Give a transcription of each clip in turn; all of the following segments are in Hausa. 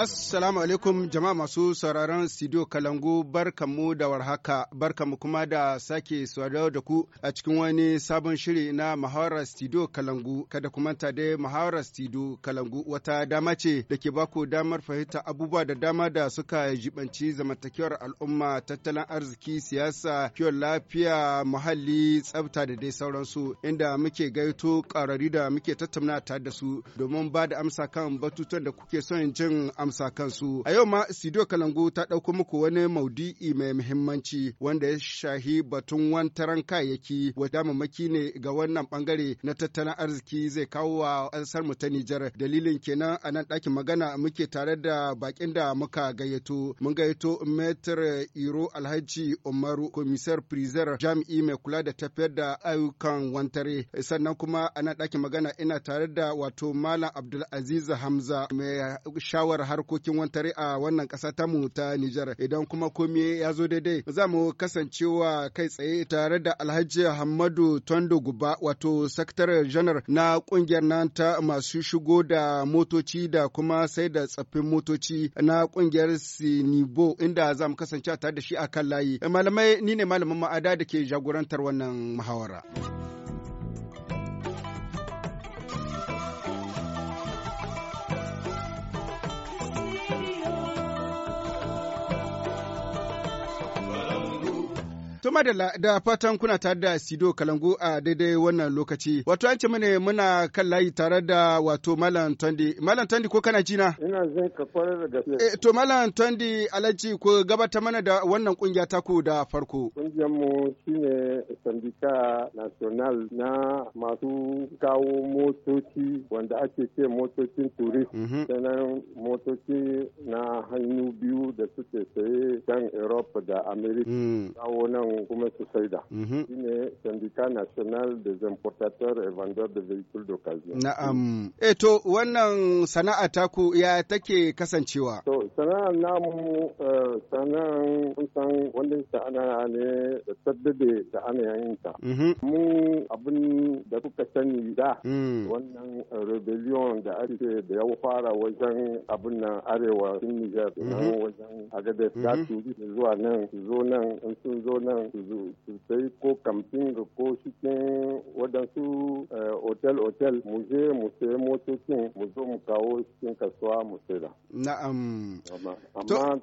Assalamu alaikum jama'a masu sauraron studio Kalangu barkanmu da warhaka barkanmu kuma da sake sauraro da ku a cikin wani sabon shiri na Mahawarar studio Kalangu kada kuma manta dai Mahawarar studio Kalangu wata dama ce da ke baku damar fahimta abubuwa da dama da suka jibanci zamantakewar al'umma tattalin arziki siyasa kiwon lafiya muhalli tsafta da dai sauransu inda muke gaito ƙarari da muke tattauna tare da su domin ba da amsa kan batutuwan da kuke son jin amsa kansu. A yau ma studio Kalangu ta ɗauko muku wani maudu'i mai muhimmanci wanda ya shahi batun wantaran kayayyaki wata mamaki ne ga wannan bangare na tattalin arziki zai kawo wa ƙasar mu ta Nijar. Dalilin kenan a nan ɗakin magana muke tare da bakin da muka gayyato. Mun gayyato Metr Iro Alhaji Umaru Komisar Prizer Jami'i mai kula da tafiyar da ayyukan wantare. Sannan kuma a nan ɗakin magana ina tare da wato Malam Abdulaziz Hamza mai shawar har harkokin wantare a wannan ƙasa mu ta Nijar. Idan kuma komai ya zo daidai za mu kasancewa kai tsaye tare da Alhaji Hamadu Tondo Guba wato Sakatare Janar na ƙungiyar nan ta masu shigo da motoci da kuma sai da tsaffin motoci na ƙungiyar Sinibo inda za mu kasance tare da shi akan layi. Malamai ni ne malamin ma'ada da ke jagorantar wannan muhawara. Tuma da fatan kuna tare da Sido Kalangu a daidai wannan lokaci. Wato an ce mana muna kan layi tare da wato Malam Tondi. Malam Tondi ko kana jina? Ina zan ka kwarar da gaske. Eh, to Malam Tondi Alhaji ko gabata mana da wannan kungiya ta ku da farko. Kungiyar mu shine Sandika National na masu kawo motoci wanda ake ce motocin turist. Sannan mhm. motoci na hannu biyu da suke saye can Europe da America. Mm. Kawo nan kuma su saida shine mhm. syndicat national des importateurs et vendeurs de véhicules d'occasion na'am eh to wannan sana'a taku ya take kasancewa to sana'ar namu kun eh, san wanda ana ne da saddade da ana yayin ta mhm. mu abin da kuka sani da mm. wannan rebellion da ake da ya fara wajen abin nan arewa sun Niger mhm. wajen Agadez da turi zuwa nan zo nan in sun zo nan nan su sai ko kamfin ko cikin waɗansu otel-otel eh, mu je mu sai motocin mu zo mu kawo cikin kasuwa mu saida. Na'am. Amma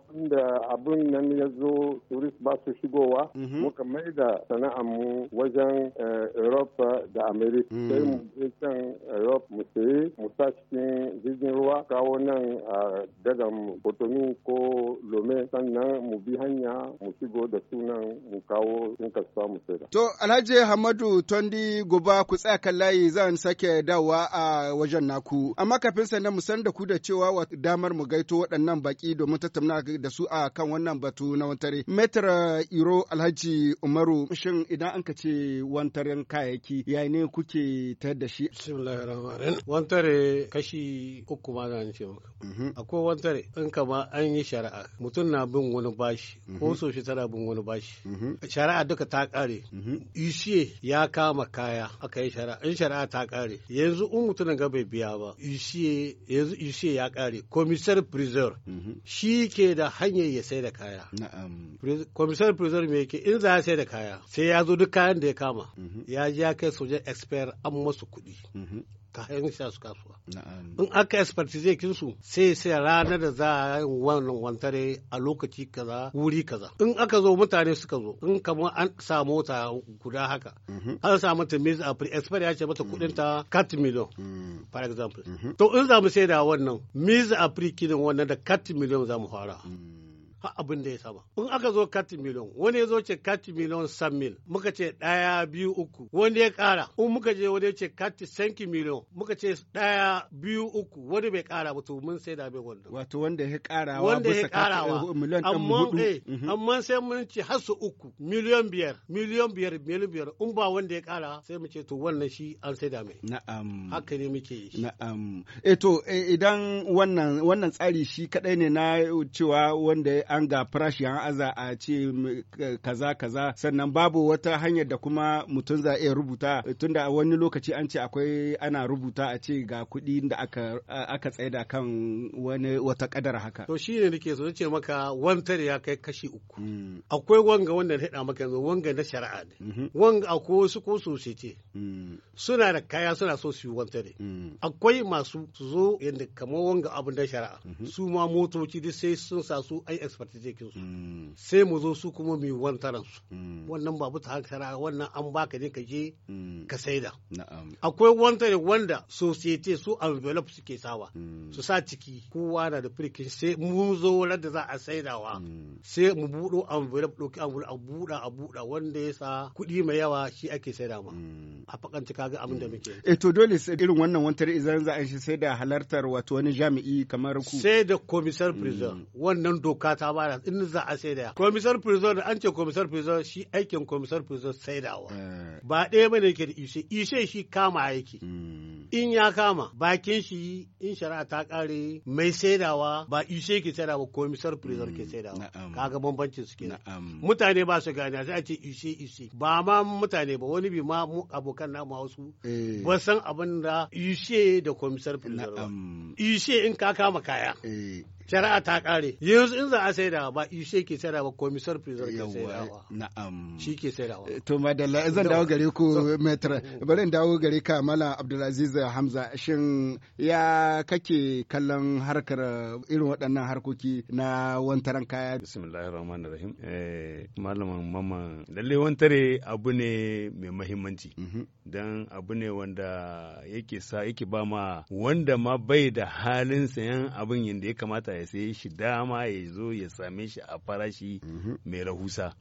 tunda abin nan ya zo turist ba su shigowa mhm. muka mai da sana'ar mu wajen eh, Europe da America. Mm. Sai mu je can Europe mu sayi mu sa cikin jirgin ruwa kawo nan a daga Cotonou ko Lome sannan mu bi hanya mu shigo da sunan mu kawo kawo in kasuwa mu saida. To Alhaji Hamadu Tondi Guba ku tsaya kan layi zan sake dawowa a wajen naku. Amma kafin sannan mu san da ku da cewa damar mu gaito waɗannan baki domin tattauna da su a kan wannan batu na wantare. Metra Iro Alhaji Umaru shin idan an kace ce wantaren kayayyaki yayi ne kuke tayar da shi? Bismillahirrahmanirrahim. Wantare kashi uku ma zan ce maka. Mhm. Akwai wantare in kama an yi shari'a mutum na bin wani bashi ko mhm. so shi tana bin wani bashi. Mhm. shari'a duka ta kare Ishe mhm. ya kama kaya aka yi shari'a in shari'a ta kare yanzu in mutum ga bai biya ba ishiye yanzu ishe ya kare komisar prizor mhm. shi ke da hanyar ya sai da kaya komisar prizor mai yake in za a sai da kaya sai ya zo duk kayan da ya kama mhm. ya ya kai sojan expert an masu kuɗi kayan sha su kasuwa in aka expertise kin su sai sai ranar da za a yi wannan wantare a lokaci kaza wuri kaza in aka zo mutane suka zo in kamar an sa mota guda haka mm-hmm. an sa mata mil a expert ya ce mata mm-hmm. kudin ta cut million mm-hmm. for example to in za mu sai da wannan mil a pre kidin wannan da cut million za mu fara fa abin da ya saba in aka zo kati miliyon wani ya zo ce kati miliyon san mil muka ce ɗaya biyu uku wani ya ƙara in muka je wani ya ce kati sanki miliyon muka ce ɗaya biyu uku wani bai ƙara ba to mun sai da bai wanda wato wanda ya ƙarawa wanda ya eh, ƙarawa miliyon ɗan eh, mhm. amma sai mun ce har su uku miliyon biyar miliyon biyar miliyon biyar in ba wanda ya ƙara sai mu ce to wannan shi an sai da mai na'am haka ne muke yi na'am eh to eh, idan wannan wannan tsari shi kadai ne na cewa wanda ya an ga farashi an aza a ce kaza kaza sannan babu wata hanyar da kuma mutum za iya rubuta tunda wani lokaci an ce akwai ana rubuta a ce ga kuɗi da aka aka tsaida kan wani wata kadar haka to shine nake so ce maka wantar ya kai kashi uku hmm. akwai wanga wanda na maka yanzu wanga na shari'a ne mm-hmm. wanga akwai wasu ko sosai hmm. suna da kaya suna so su yi wantar hmm. akwai masu su zo yadda kamar wanga abin da shari'a mm-hmm. su ma motoci duk sai sun sa su ai zai kin su mm. sai mu zo su kuma mai wantaran su mm. wannan babu ta hankara wannan an baka ne ka je ka mm. saida akwai wantare wanda society su envelope suke sawa su sa ciki kowa na da firki sai mu zo wurin da za a saidawa sai mu budo envelope ɗauki envelope a buda a buɗa wanda ya sa kuɗi mai yawa shi ake saida ma a fakanci kaga abin da muke eh to dole sai irin wannan wantare idan za a shi sai da halartar wato wani jami'i kamar ku sai da komisar prison wannan doka ta bada in za a saida komisar prison an ce komisar prison shi aikin komisar prison saidawa eh. ba ɗaya bane ke da ishe ishe shi kama aiki hmm. in ya kama bakin shi in shari'a ta kare mai saidawa ba ishe ke hmm. saidawa komisar prison ke saidawa kaga bambancin su kenan mutane ba su gane sai a ce ishe ishe ba ma mutane ba wani bi ma mu abokan ma wasu eh. ba san abin da ishe da komisar prison ishe in ka kama kaya eh. shari'a ta kare yanzu in za a da ba ishe ke ba komisar prison ke da na'am shi ke saidawa to madalla zan dawo gare ku metra bari in dawo gare ka mala abdulaziz hamza shin ya kake kallon harkar irin waɗannan harkoki na wantaran kaya bismillahir rahmanir rahim eh malaman mamman lalle wantare abu ne mai mahimmanci mhm. dan abu ne wanda yake sa yake ba ma wanda ma bai da halin sayan abin yanda ya kamata ya sai shi dama ya zo ya same shi a farashi mhm. mai rahusa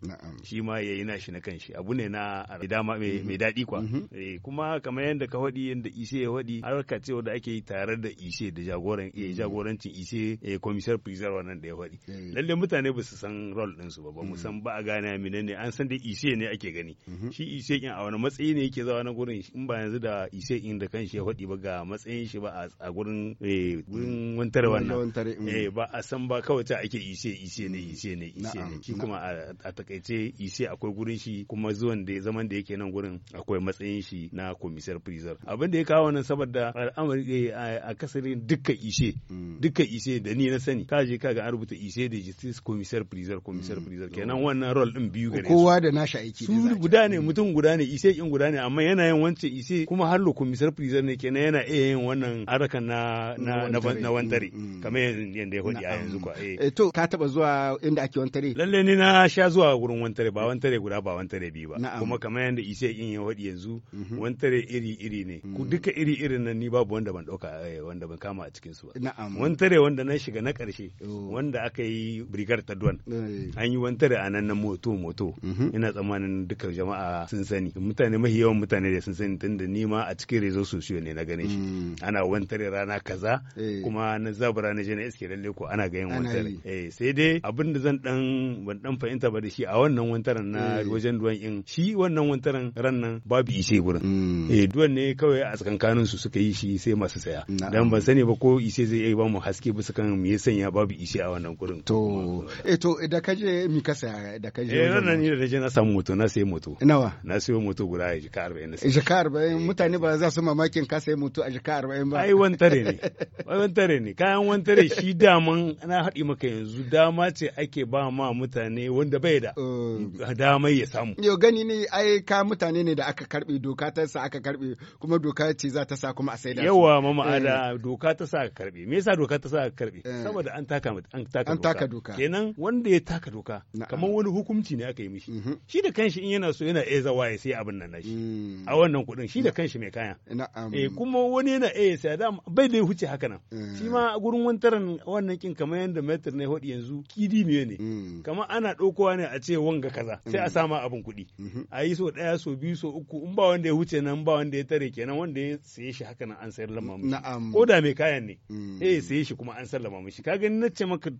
shi ma ya yi nashi na kanshi abu ne na dama mai mhm. daɗi kwa mhm. eh, kuma kamar yadda ka faɗi yadda ise ya faɗi harka ce da ake yi tare da ise da jagoran eh, jagorancin ise komisar eh, prisar wannan da ya faɗi lalle mutane ba su san rol ɗinsu ba ba mu san ba a gane mine ne an san da ise ne ake gani shi ise in a wani matsayi ne yake zawa na gurin in ba yanzu da ise in da kanshi ya faɗi ba ga matsayin shi ba a gurin mm. gurin wannan mm. eh ba a san ba kawai ta ake ise ise ne ise ne ise ne shi kuma a takaice ise akwai gurin shi kuma zuwan da zaman da yake nan gurin akwai matsayin shi na komisar freezer abin da ya kawo nan saboda al'amari eh, a kasarin duka ise mm. duka ise da ni na sani ka je kaga an rubuta ise da justice komisar freezer komisar freezer kenan wannan role din biyu gare su kowa da nashi aiki su guda ne mutum guda ne ise in guda ne amma yana yin wancan ise kuma har komisar freezer ne kenan yana iya yin wannan harakan na na na wantare mm, mm. kamar yadda da ya faɗi a yanzu kwa. Eh. eh to ka taba zuwa inda ake wantare? Lalle ni na sha zuwa wurin wantare ba wantare guda ba wantare biyu ba. Kuma kamar yanda Isa in ya faɗi yanzu mhm. wantare iri iri ne. Ku mhm. duka iri irin nan ni babu wanda ban dauka eh, wanda ban kama a cikin su ba. Na'am. Wantare wanda na shiga na karshe. Oh. wanda aka yi brigar ta duwan. Eh. An yi wantare a nan na moto moto. Mhm. Ina tsammanin duka jama'a sun sani. Mutane mahi yawan mutane da sun sani tunda ni ma a cikin rezo sosiyo ne na gane shi. Mm. Ana wantare rana kaza kuma na zabura na je na iske lalle lalle ko ana ga yin wantar eh sai dai abin da zan dan ban dan fahimta ba da shi a wannan wantaran na eh. wajen duwan in shi wannan wantaran ran nan babu ise gurin mm. eh duwan ne kawai a tsakankanin su suka yi shi sai masu saya dan ban sani ba ko ise zai yi ba mu haske bisa kan me ya sanya babu ise a wannan gurin to eh to da kaje mi ka saya da kaje eh ran nan ni da je na samu moto na sai moto nawa na sai moto guda ya jika 40 na jika 40 mutane ba za su mamakin ka sai moto a jika 40 ba ai wantare ne ai wantare ne kayan wantare shi da daman na haɗi maka yanzu dama ce ake ba ma mutane wanda bai da mm. dama ya samu yau gani ne ai ka mutane ne da aka karbe doka ta sa aka karbe kuma doka ce za ta sa kuma a saida yawa mama eh. ada doka ta sa aka karbe me yasa doka ta sa aka karbe eh. saboda an taka an taka an taka doka kenan wanda ya taka doka kamar wani hukumci ne aka yi mishi mhm. shi da kanshi in yana so yana iya zawa ya sai abin nan nashi mm. a wannan kuɗin shi da kanshi mai kaya eh kuma wani yana iya sai da bai da huce haka nan eh. shi ma gurin wantaran wannan kin kamar yadda metir na hodi yanzu kidi miye ne mm. kama ana ɗaukowa ne a ce wanga kaza sai a mm. sama abin kuɗi mm-hmm. a yi so ɗaya so biyu so uku in ba wanda ya wuce nan ba wanda ya tare kenan wanda ya saye shi haka nan an sayar mishi ko da mai kayan ne mm. eh saye shi kuma an sallama mishi ka gani na ce maka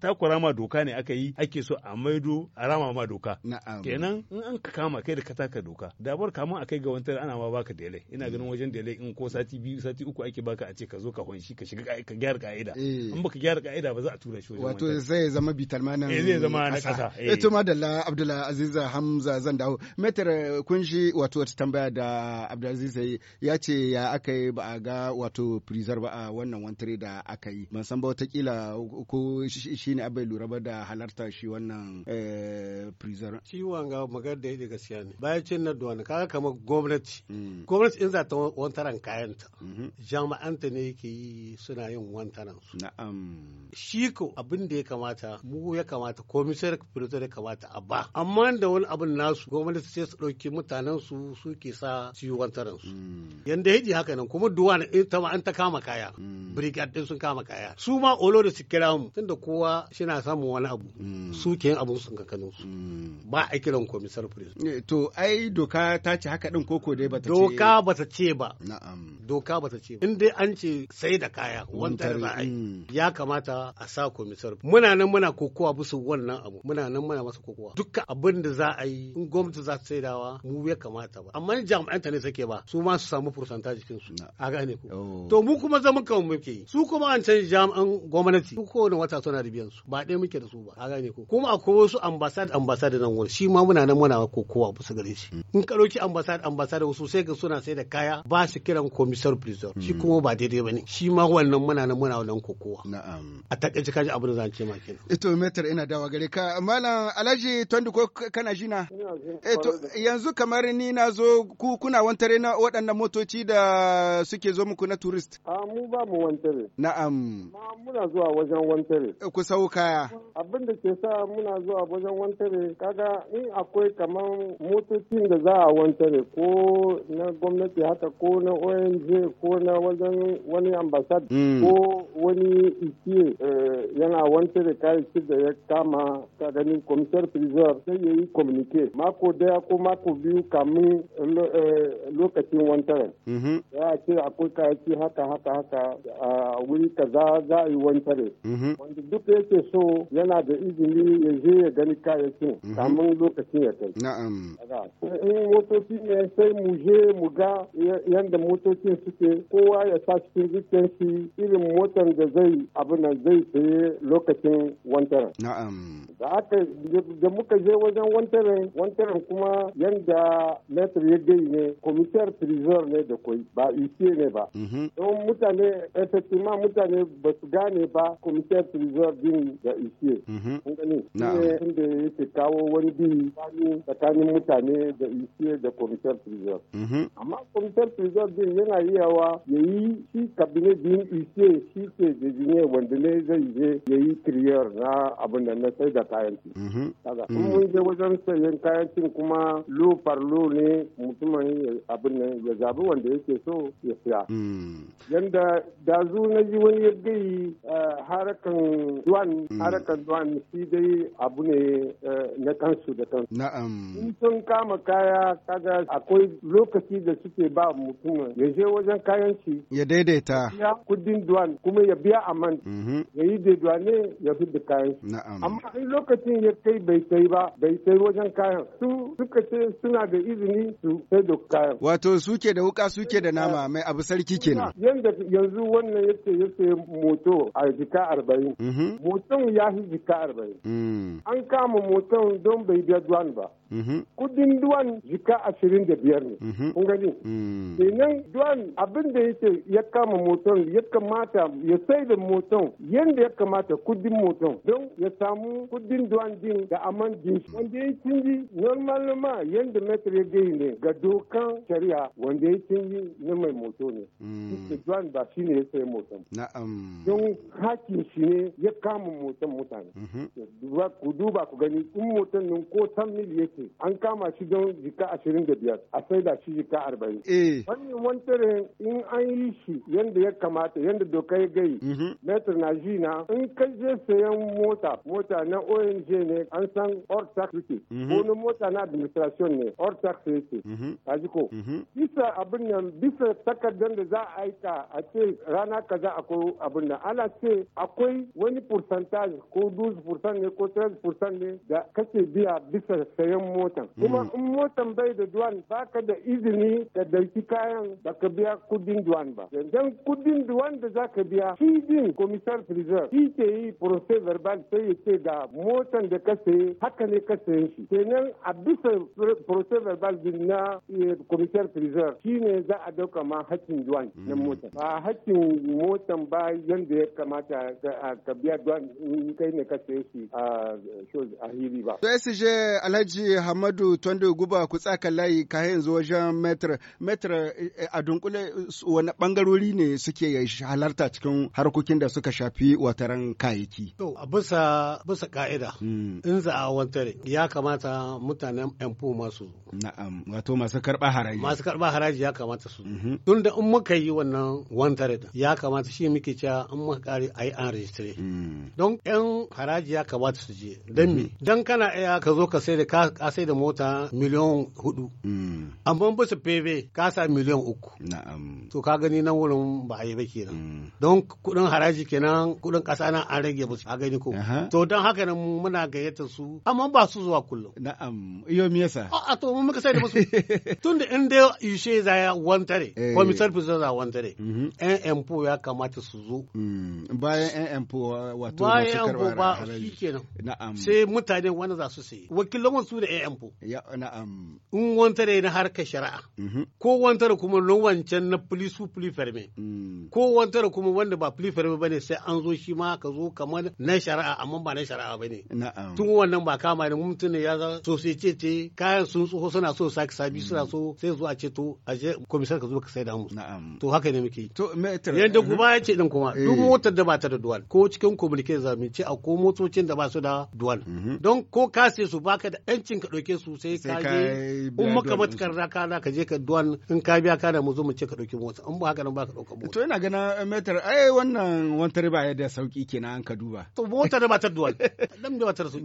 takura ma doka ne aka yi ake so a maido a rama ma doka kenan in an ka kama kai da ka taka doka dabar kamar a kai ga wantar ana ma baka dele ina ganin wajen dele in ko sati biyu sati uku ake baka a ce ka zo ka hunshi ka shiga ka gyara ka'ida eh. baka gyara ka'ida ba za a tura shi wajen wato zai zama bitalmanin eh zai zama na kasa eh. eh to madalla Abdullah Aziz Hamza zan dawo metar eh, kun shi wato wata tambaya da abdullah aziza ya ce ya aka yi ba a ga wato freezer ba a wannan wantare da aka yi ban san ba kila ko shi ne abai lura ba da halarta shi wannan eh, freezer shi wanga magar da yake gaskiya ne bayan cin na k'a kaga kamar gwamnati mm. gwamnati in za ta wantaran kayanta mhm. jama'anta ne yake yi suna yin wantaran su shi ko abin da ya kamata mu ya kamata komisar filotar ya kamata a ba amma da wani abin nasu gwamnati sai su ɗauki mutanen su suke sa su yi wantaran su mm. yanda ji haka nan kuma duwa na ita ma an ta kama kaya mm. brigade din sun kama kaya su ma olo da su kira mu tunda kowa shina samun wani abu mm. su ke yin abun sun kakanin su ba a kiran komisar filotar. Eh, to ai doka ta ce haka din koko dai bata ce doka bata ce ba na'am doka bata ce ba in dai an ce sai da kaya wantar za a yi ya kamata a sa komisar muna nan muna kokowa bisa wannan abu muna nan muna masa kokowa duka abin da za a yi in gwamnati za ta saidawa mu ya kamata ba amma jami'an ta ne suke ba su ma su samu fursantaji cikin su a gane ku oh. to mu kuma zaman kan muke su kuma an can jami'an gwamnati ko kowane wata suna da biyan su ba ɗaya muke da su ba a gane ku kuma akwai wasu ambasad ambasad nan wani shi ma muna nan muna kokowa bisa gare shi hmm. in ka ɗauki ambasad ambasad wasu sai ga suna sai da kaya ba su kiran komisar prison shi hmm. kuma ba daidai ba ne shi ma wannan muna nan muna wannan kokowa ko na'am a takaice kaji abu da zan ce ma kenan ito metar ina dawa gare ka malam alhaji Tondu ko kana jina eto yanzu kamar ni na zo ku kuna wantare na waɗannan motoci da suke zo muku na turist a mu ba mu wantare na'am ma muna zuwa wajen wantare eh, ku sau kaya abin da ke sa muna zuwa wajen wantare kaga in akwai kamar motocin da za a wantare ko na gwamnati haka ko na ONG ko na wajen wani ambasad mm. ko wani ifiye yana wancan da ci da ya kama ka gani komisar prizor sai ya yi komunike mako daya ko mako biyu kamin lokacin wantaran ya ce akwai ci haka haka haka a wuri ka za a yi wantare wanda duk ce so yana da izini ya je ya gani kayakin kamin lokacin ya kai na'am in motoci ne sai mu je mu ga yadda e, e motocin suke kowa ya sa cikin zuciyar irin motar da zai na zai saye lokacin wantaren. Na'am. Da aka da muka je wajen wantaren wantaren kuma yanda metri ya gai ne komitar trezor ne da koi, ba isiye ne ba. Mhm. Don mutane effectivement mutane ba su gane ba komitar trezor din da isiye. Mhm. Na'am. Inda yake kawo wani bi tsakanin mutane da isiye da komitar trezor. Mhm. Amma komitar trezor din yana yawa ya yi shi kabinet din isiye shi ke da ne wanda ne zai je ya yi tiriyar na abin da na sai da kayan ci. Mhm. Kaga in mm. mun je wajen sayen kayan cin kuma lo farlo ne mutumin abin nan ya zabi wanda yake so ya siya. Mm. Yanda zu na ji wani ya gai eh, harakan duwan mm. harakan duwan shi dai abu ne eh, na kansu da kansu. Na'am. In sun kama kaya kaga akwai lokaci da suke ba mutumin ya je wajen kayan ci. Ya daidaita. Ya kudin duwan kuma ya biya amma man mhm. ya yi ne ya fi da kayan amma in lokacin ya kai bai sai ba bai sai wajen kayan su suka ce suna da izini su sai da kayan wato suke da wuka suke da nama mai abu sarki kenan yanda yanzu wannan ya ce moto a jika arba'in mhm. moton ya fi jika arba'in mm. an kama moton don bai biya duwan ba Mhm. kudin duwan jika ashirin da biyar ne mhm. kun gani mm. kenan duwan abin da yake ya kama moton ya kamata ya sai da moton yadda ya kamata kudin moton don ya samu kudin duwan din da aman din wanda ya cinji normal ma yadda metri ya gai ne ga dokan shari'a wanda ya cinji na mai moto ne mm. duwan ba shi ne ya sai moton don hakin shi ne ya kama moton mutane mhm. ku duba ku gani in moton nan ko tan mil yake ce an kama shi don jika ashirin da biyar a saida shi jika arba'in. Wannan eh. wantarin in an yi shi yadda ya kamata yadda doka ya gai mhm. metr na ji na in ka je sayan mota mota na ONG ne an san or tax yake wani mota na administration ne or tax yake a ji ko. Mhm. Bisa abin nan bisa takardar da za a aika a ce rana kaza akwai abin nan ana ce akwai wani percentage ko 12% ne ko 13% ne da kake biya bisa sayan motan kuma mm. in motan bai da duwan baka da izini da dauki kayan ka biya kudin duwan ba dan kudin duwan da ka biya shi din komisar freezer shi ke yi proces verbal sai ya ce ga motan da ka saye haka ne ka sayan shi kenan a bisa proces verbal din na komisar eh, freezer shi ne za a dauka ma hakkin duwan na mm. motan ba hakkin motan ba yanda ya kamata ka biya duwan kai ne ka saye shi a hiri ba. Sai su je Alhaji ce Hamadu Tondo Guba ku tsaka layi kayan yanzu wajen metra. Metra eh, a dunkule wani bangarori ne suke halarta cikin harkokin da suka shafi wataran kayaki. To a bisa bisa ka'ida hmm. in za a wantare ya kamata mutanen empo masu. Na'am wato masu karba haraji. Masu karba haraji ya kamata su. Mhm. Tun da in muka yi wannan wantare ya kamata shi muke cewa in muka kare a yi an rejistire. Hmm. Don 'yan haraji ya kamata su je. Don me? Mhm. Don kana iya ka zo ka sai da ka ka sai da mota miliyan hudu mm. amma bisa pv ka sa miliyan uku na'am to ka gani nan wurin ba a yi ba kenan mm. don kudin haraji kenan kudin kasa nan an rage su a gani ko to don haka nan muna gayyatar su amma ba su zuwa kullum na'am iyo me yasa a to mun muka sai da musu tunda in da yushe za ya wantare eh. komisar fisa za wantare Ɗan mm-hmm. empo ya kamata su zo mm. bayan ɗan empo wato bayan yan empo ba shi kenan sai mutane wanda za su sayi wakilan su da AMPO. Ya na'am. In wantare na harkar shari'a. Mhm. Ko wantare kuma wancan na police police ferme. Mm. Ko wantare kuma wanda ba police ferme bane sai an zo shi ma ka zo kamar na shari'a amma ba na shari'a bane. Na'am. Tun wannan ba kama ne mutum ne ya so sai ce ce kayan sun tsoho suna so saki sabi suna so sai zo a ce to a je komisar ka zo ka sai da mu. Na'am. To haka ne muke. To metar. Yanda kuma mhm. ya ce din kuma duk eh. motar da ba ta da duwan ko cikin communique zamu ce a ko motocin da ba su da duwan. Mhm. Don ko ka sai su baka da 'yancin ka ɗauke su sai ka je in maka matukar takarda kana ka je ka duwan in ka biya kana mu zo mu ce ka ɗauki motsa in ba haka nan ba ka ɗauka motsa. to ina gana eh, metar ai wannan wata riba ya da sauki kenan an ka duba. to mota da ba ta duwan dan da ba ta da sauki.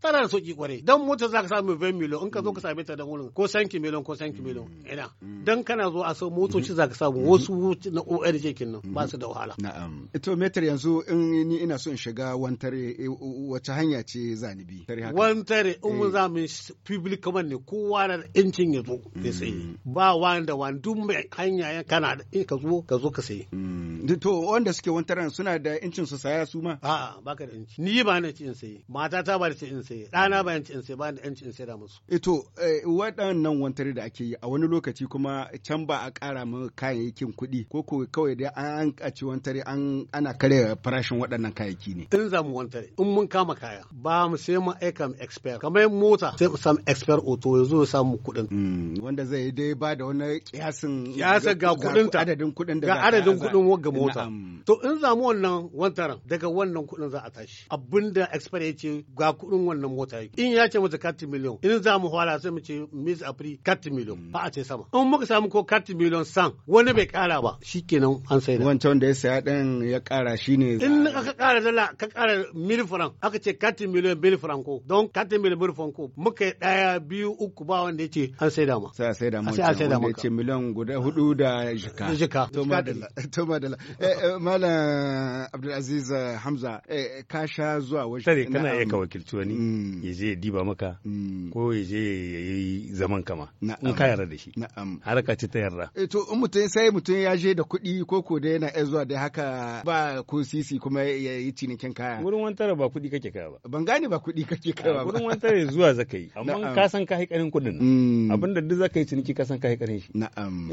tana da sauki kwarai dan mota za ka samu bai miliyan in ka zo ka same ta da wurin ko sanki miliyan ko sanki miliyan mm. ina mm. dan kana zo a sau motoci mm-hmm. za ka samu mm-hmm. wasu na ORJ kenan ba su da wahala. na'am to metar yanzu in ni ina so in shiga wantare eh, wace hanya ce zanibi. wantare in mun eh. zamu domin public command ne kowa da incin ya zo ya sayi mm. ba wanda wa duk mai hanya ya kana da eh, ka zo ka zo ka sayi. Mm. to wanda suke wantaran suna da incin su saya su ma. a'a ba ka da yanci ni ba na ci in mata matata ba da ci in sayi dana ba yanci in sayi ba da yanci in sayi da musu. Eh to eh, waɗannan wantare da ake yi a wani lokaci kuma can ba a ƙara mu kayayyakin kuɗi ko ko kawai dai an a ci wantare an ana kare farashin waɗannan kayayyaki ne. in za mu wantare in mun kama kaya ba mu sai mu aika expert kamar mota sai mu samu expert auto ya zo ya samu kuɗin. Mm, wanda zai dai ba da wani kiyasin. Kiyasin ga kuɗin ta. Adadin kuɗin da ga adadin kuɗin wagga mota. To in zamu wannan wantaran daga wannan kuɗin za a tashi. Abinda expert ya ce ga kuɗin wannan mota yake. In ya ce mata kati miliyon in za mu fara sai mu ce miss apri kati miliyon mm. ba a ce sama. In muka samu ko kati miliyon san wani bai kara ba shikenan an sai da. Wancan da ya saya ɗin ya kara shine. In aka kara dala ka kara mil franc aka ce kati miliyon mil franc ko don kati miliyon mil franc muka yi ɗaya biyu uku ba wanda ya ce an sai dama. Sai a sai dama. Sai a sai dama. Wanda ya ce miliyan guda hudu da jika. Jika. To da la. madalla. Eh, eh, Malam Abdulaziz eh, Hamza ka sha zuwa wajen. Tare kana iya ka wakilci wani mm. ya je ya diba maka mm. ko ya je ya yi zaman kama. In ka yarda da shi. Na'am. Haraka ce ta yarda. To in mutum sai mutum ya je da kuɗi ko ko da yana iya zuwa da haka ba ko sisi kuma ya yi cinikin kaya. Wurin wani tara ba kuɗi kake kaya ba. Ban gane ba kuɗi kake kaya ba. Wurin wani tara zuwa zaka ka yi amma ka san ka karin kuɗin mm. abin da duk za ka yi ciniki ka san ka karin shi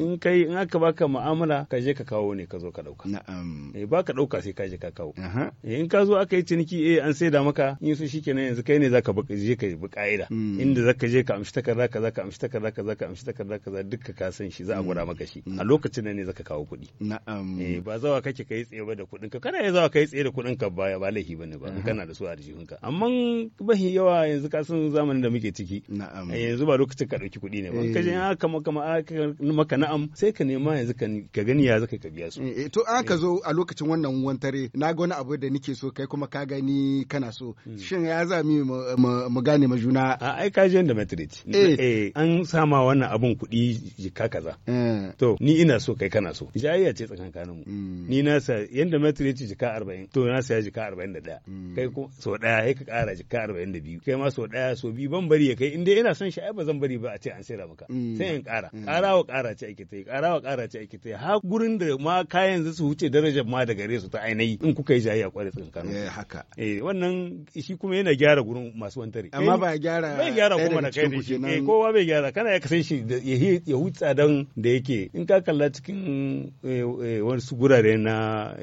in kai in aka baka mu'amala ka je ka kawo ne ka zo ka ɗauka eh ba ka ɗauka sai ka je ka kawo eh, in ka zo aka yi ciniki eh an saida maka in su shikenan yanzu kai ne za ka je ka bi ka'ida mm. inda za ka je ka amshi takarda kaza ka amshi takarda kaza ka amshi takarda kaza duka ka san shi za a mm. gwada maka shi a lokacin nan ne za ka kawo kuɗi eh ba zawa kake kai tsaye ba da kudin ka kana ya zawa kai tsaye da kudin ka ba ba laifi bane ba kana da su a ka amma bahi yawa yanzu ka san zamanin da muke ciki na'am eh, yanzu ba lokacin ka dauki kuɗi ne ba eh. ka je aka ah, ah, maka maka na'am sai ka nema yanzu ka gani ya zaka ka biya su eh, to an ka zo a lokacin wannan wantare na ga wani abu da nake so kai kuma ka gani kana so hmm. shin ya za mu mu gane majuna a ai ka je da matrix an sama wannan abun kuɗi jika kaza to ni ina so kai kana so jayayya ce tsakankanin mu hmm. ni na sa yanda matrix jika 40 to na sa jika 41 hmm. kai ko so daya sai ka ƙara jika 42 kai ma sau ɗaya sau biyu ban bari ya kai inda ina son sha'ai ba zan bari ba a ce an saida maka mm. sai in ƙara mm. ƙara wa ƙara ce ake tai ƙara wa ƙara ce ake tai ha gurin da ma kayan su wuce darajar ma da gare su ta ainihi in kuka yi jayayya kwarai tsakankanin eh haka eh wannan shi kuma yana gyara gurin masu wantare amma eh, ba gyara bai gyara kuma na kai shi eh kowa bai gyara kana ya kasance shi ya hutsa dan da yake in ka kalla cikin eh, eh, wasu gurare na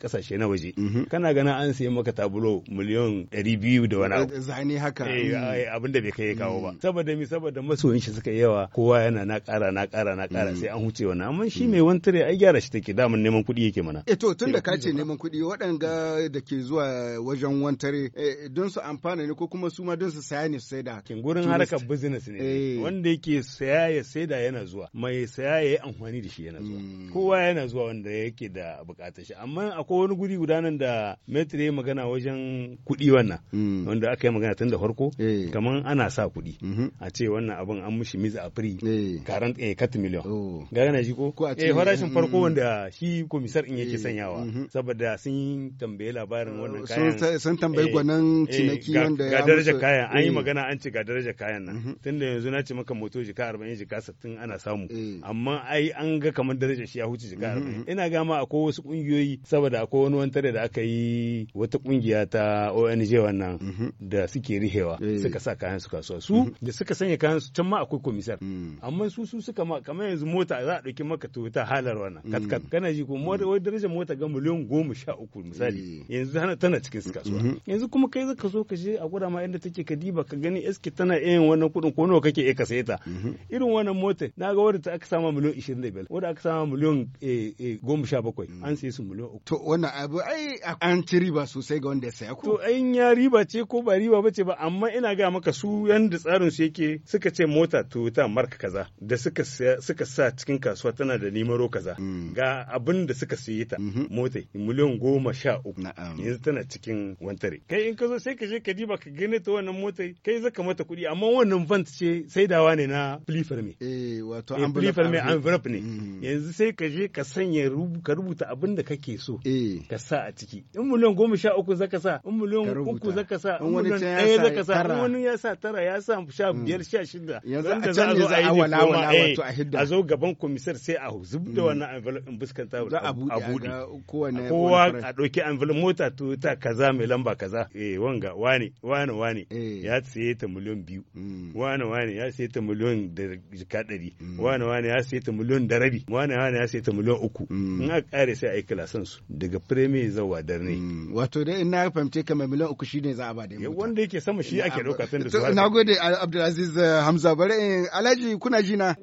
kasashe na waje mm-hmm. kana gana an sayi maka tabulo miliyan 200 da wani abu zane haka mm. abin da bai kai ya kawo ba mm. saboda mi saboda masoyin shi suka yawa kowa yana na ƙara na ƙara na ƙara mm. sai an huce wannan amma shi mm. mai wani tare ai gyara shi take daman neman kuɗi yake mana eh to tunda ka ce neman kuɗi waɗanga da ke zuwa wajen wantare eh, don su amfana ne ko kuma su ma don su saya ne su saida kin gurin harkar business ne eh. wanda yake saya ya saida yana zuwa mai saya ya yi amfani da shi yana zuwa kowa yana zuwa wanda yake da bukatar shi amma akwai wani guri gudanar da metri magana wajen kuɗi wannan wanda aka yi magana tun da farko eh. kamar ana sa kuɗi mhm. a ce wannan abin an mushi miza a firi eh. karan eh kat miliyon oh. gara na shi ko eh farashin mm, farko mm. wanda shi komisar in yake eh. sanyawa mhm. saboda sun tambaye labarin wannan kayan sun tambayi eh, gwanan ciniki wanda ya musu. daraja kayan an yi magana an ce ga daraja kayan nan mhm. da yanzu na ce maka moto jika arba'in jika sattin ana samu amma ai an ga kamar daraja shi ya huce jika arba'in. ina ga ma akwai wasu kungiyoyi saboda akwai wani tare da aka yi wata kungiya ta ONG wannan da suke rihewa suka sa kayan su kasuwa su mm-hmm. da suka sanya kayan su can ma akwai komisar mm. amma su su suka ma kamar yanzu mota za a dauki maka Toyota halar wannan katkat mm. kana ji ko mm. wai darajar mota ga miliyan goma sha uku misali eh. yanzu tana cikin su kasuwa mm-hmm. yanzu kuma kai zaka so ka je a gura ma inda take ka diba ka gani eske tana yin wannan kudin ko nawa kake iya ka saye ta mm-hmm. irin wannan mota na ga wadda aka sama miliyan ishirin da biyar wadda aka sama miliyan eh, eh, goma sha bakwai an sai su miliyan uku. to wannan abu ai an ci riba sosai ga wanda ya saya ko. to ai ya riba ce ko ba riba ba ce ba amma ina ga maka su yadda tsarin su yake suka ce mota Toyota marka kaza da suka sa cikin kasuwa tana da nimaro kaza mm. ga abin da suka siye ta mm-hmm. mota miliyan goma sha uku yanzu tana cikin wantare kai in ka zo sai ka je ka diba ka gane ta wannan mota kai zaka mata kuɗi amma wannan vant ce saidawa ne na me eh wato eh, pliferme envelope ne mm. yanzu sai ka je ka sanya ka rubuta abin da kake so eh. ka sa a ciki in miliyan goma sha uku zaka sa in miliyan uku zaka sa in wani ɗaya zaka sa in wani ya sa tara ya sa sha hmm. biyar sha shida yanzu a can ne za a eh, wato a hidda. a zo gaban komisar sai a zub da hmm. wannan envelope in fuskanta a buɗe kowa a ɗauki envelope mota ta kaza mai lamba kaza eh wanga wane wane wane eh. ya saye ta miliyan biyu hmm. wane wane ya saye ta miliyan da jika ɗari wane wane ya saye ta miliyan da rabi wane wane ya saye ta miliyan uku in aka ƙare sai a yi kilasan su daga firemi zawa dare ne. wato dai in na fahimce ka mai miliyan uku shi ne za a ba da wanda yake sama shi ake ɗauka da na gode abdulaziz eh, hamza bare alhaji kuna ji na